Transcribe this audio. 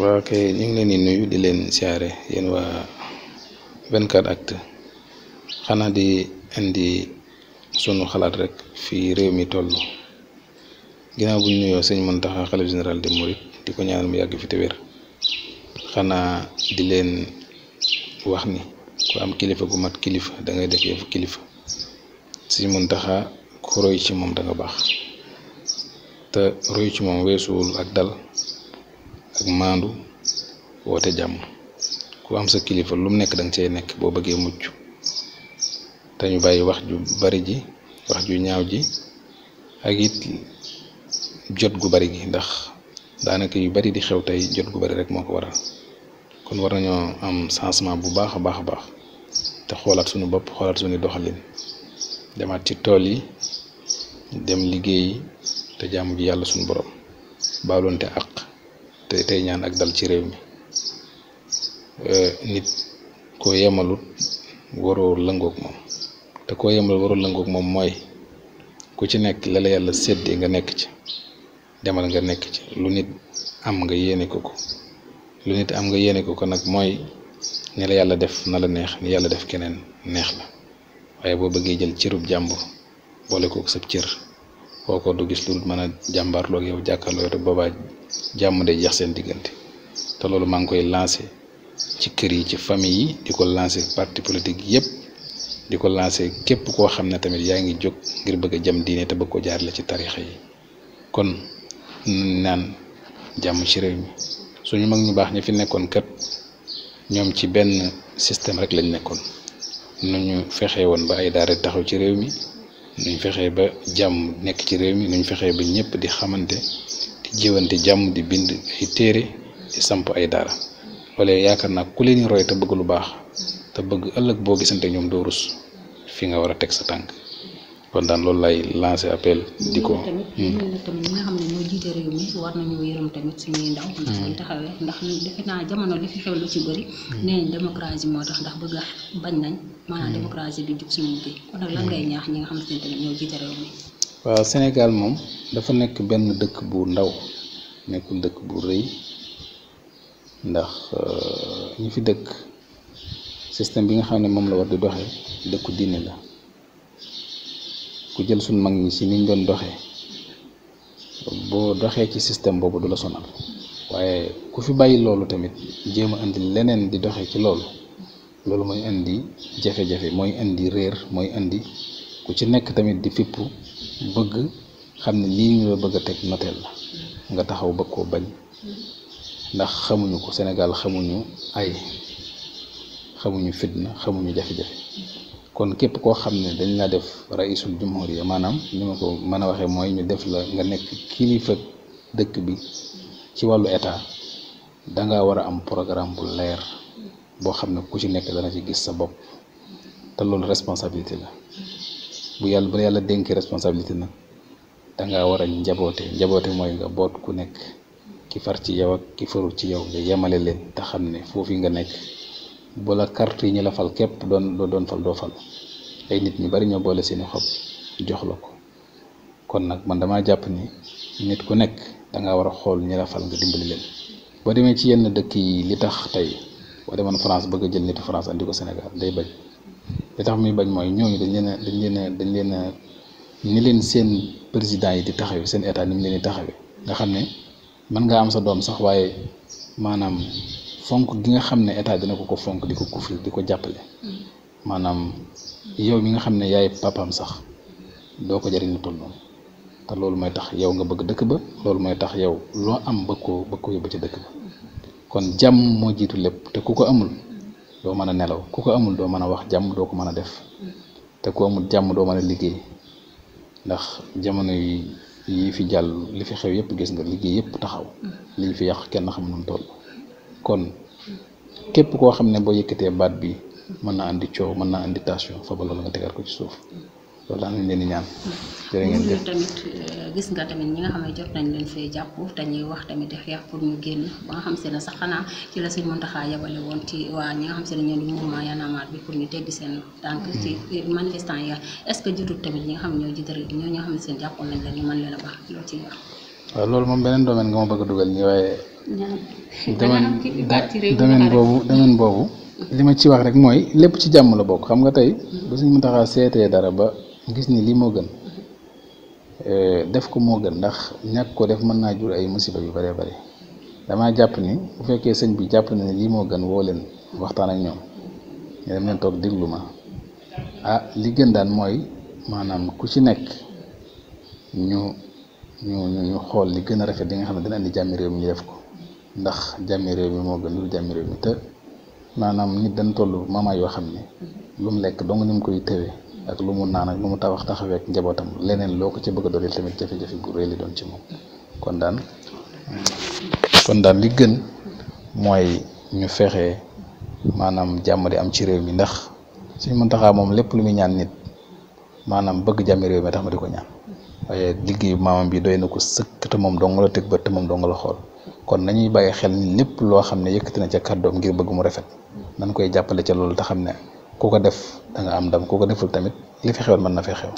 waaw kay ñu ngi leen di nuyu di leen siyaare yéen waa 24 actu xanaa di indi sunu xalaat rek fii réew mi toll ginaaw buñ nuyoo sëñ Mountakha xalif général de Mouride di ko ñaanal mu yàgg fi te wér xanaa di leen wax ni ku am kilifa gu mat kilifa da ngay def yëfu kilifa sëñ Mountakha ku roy ci moom da baax te roy ci moom weesuwul ak dal. ak maandu woote jàmm ku am sa kilifa lu mu nekk danga cey nekk boo bëggee mucc dañu bàyyi wax ju bari ji wax ju ñaaw ji ak it jot gu bari gi ndax daanaka yu bari di xew tey jot gu bari rek moo ko waral kon war nañoo am changement bu baax a baax a baax te xoolaat suñu bopp xoolaat suñu doxalin demaat ci tool yi dem liggéeyi te jaamu ji yàlla suñu borom baalonte àq te tey ñaan ak dal ci réew mi euh, nit ko yemalut waroo lëngoog moom te koo yemalut waroo lëngoog moom mooy ku ci nekk la la yàlla séddee nga nekk ci demal nga nekk ci lu nit am nga yéene ko ko lu nit am nga yéene ko nag mooy ni la yàlla def na la neex ni yàlla def keneen neex la waaye boo bëggee jël cërub jàmbur boole ko sab cër kooko du gis lu mën a jàmbaarloo ak yow jàkkaarloo boobaa jàmm day jeex seen diggante te loolu maa ngi koy lancé ci kër yi ci famille yi di ko lancé parti politique yëpp di ko lancé képp koo xam ne tamit yaa ngi jóg ngir bëgg a jëm diine te bëgg ko jaarale ci tarixa yi kon naan jàmm ci réew mi suñu mag ñu baax ñu fi nekkoon kat ñoom ci benn système rek lañ nekkoon nu fexe woon ba ay rek taxaw ci réew mi. nuñ fexee ba jàmm nekk ci réew mi nuñ fexee ba ñëpp di xamante di jiwante jàmm di bind ay téere di samp ay daara wala yaakaar naa ku leen roy te bëgg lu baax te bëgg ëllëg boo gisante ñoom doo rus fi nga war a teg sa tànk kon daan loolu lay lancé appel. di ko tamit hmm. ñun nga xam ne ñoo jiite réew mi war nañu yërëm tamit suñuy ndaw. Hmm. ndax buñ naa jamono li fi xew lu ci bëri. Hmm. nee nañ moo tax ndax bëgg bañ nañ maanaam nga xam ne tamit ñoo jiite réew mi. waaw Sénégal moom dafa nekk benn dëkk bu ndaw nekkul dëkk bu rëy ndax euh, ñu fi dëkk système bi nga xam ne moom la war di doxee dëkku diine la. ku jël suñu mag ñi si niñ doon doxee boo doxee ci système boobu du la sonal waaye ku fi bàyyi loolu tamit jéem a indi leneen di doxee ci loolu loolu mooy indi jafe-jafe mooy indi réer mooy indi ku ci nekk tamit di fippu bëgg xam ne lii ñu la bëgg teg noteel la nga taxaw bëgg koo bañ ndax xamuñu ko Sénégal xamuñu ay xamuñu fitna xamuñu jafe-jafe kon képp koo xam ne dañ la def raisul jumhuriya maanaam ñu ma ko mën a waxee mooy ñu def la nga nekk kii kilifa dëkk bi ci wàllu état danga war a am programme bu leer boo xam ne ku ci nekk dana ci gis sa bopp te loolu responsabilité la bu yàlla ba yàlla dénkee responsabilité nag danga war a njaboote njaboote mooy nga boot ku nekk ki far ci yow ak ki faru ci yow nga yemale leen te xam ne foofu nga nekk bu la carte yi ñu la fal képp doon doon fal doo fal ay nit ñu bari ñoo boole seeni xob jox la ko kon nag man damaa jàpp ni nit ku nekk danga war a xool ñu la fal nga dimbali leen. boo demee ci yenn dëkk yi li tax tey boo demoon France bëgg a jël nitu France andi ko Sénégal day bañ li tax muy bañ mooy ñooñu dañ leen a dañ leen a dañ leen a ni leen seen président yi di taxawee seen état ni mu leen di taxawee nga xam ne man ngaa am sa doom sax waaye maanaam. fonk gi nga xam ne état dina ko ko fonk di ko couvrir di ko jàppale maanaam yow mi nga xam ne yaay papaam sax doo ko jariñ lu toll te loolu mooy tax yow nga bëgg dëkk ba loolu mooy tax yow loo am bëgg koo bëgg ko yóbbu ci dëkk ba kon jàmm moo jiitu lépp te ku ko amul doo mën a nelaw ku ko amul doo mën a wax jàmm doo ko mën a def te ku amul jàmm doo man a liggéey ndax jamono yi yi fi jàll li fi xew yëpp gis nga liggéey yëpp taxaw liñ fi yàq kenn xam nu mu toll kon képp koo xam ne boo yëkkatee baat bi mën naa andi coow mën naa andi tension foofu loolu nga tegaat ko ci suuf loolu daal di ñaan. jërë euh, gis nga tamit ñi nga xam ne jot nañ leen fee jàpp wax tamit xeex pour ñu génn ba nga xam se ne ci la sëñ Mountakha yabale woon ci se a marre bi pour ñu teggi seen tànk ci manifestant yi est-ce que jotul tamit ñi nga xam ne ñoo jiite ñoo ñoo xam seen jàppoon nañ la ñu leen a baax loolu ci moom beneen domaine nga ma bëgg a dugal waaye domaine boobu domaine boobu li ma ci wax rek mooy lépp ci jàmm la bokk xam nga tey ba suñ mën taxaa seetee dara ba gis ni lii moo gën eh, def ko moo gën ndax ñàkk ko def mën naa jur ay musiba yu bare bare damaa jàpp ni bu fekkee sëñ bi jàpp na ne lii moo gën woo leen waxtaan ak ñoom nga dem leen toog déglu ma ah li gën daan mooy maanaam ku ci nekk ñu ñu ñu xool li gën a rafet li nga xam ne dina andi jàmmi réew mi ñu def ko ndax jàmmi réew mi moo gën lu jàmmi réew mi te maanaam nit dañ toll mama yoo xam ne lu mu lekk dong ni mu koy tëwee ak lu mu naan ak lu mu tawax taxawee ak njabootam leneen loo ko ci bëgg a dooleel tamit jafe-jafe gu rëy li doon ci moom kon daan kon daan li gën mooy ñu fexe maanaam jàmm di am ci réew mi ndax suñ mun taxaa moom lépp lu muy ñaan nit maanaam bëgg jàmmi réew mi tax ma di ko ñaan waaye liggéeyu maamam bi doy na ko sëkk te moom dong la teg ba moom dong la xool kon nañuy bàyyi xel lépp loo xam ne yëkkati na ca kàddoom ngir bëgg mu rafet nañ koy jàppale ca loolu te xam ne ku ko def danga am ndam ku ko deful tamit li fi xewoon mën na fee xew.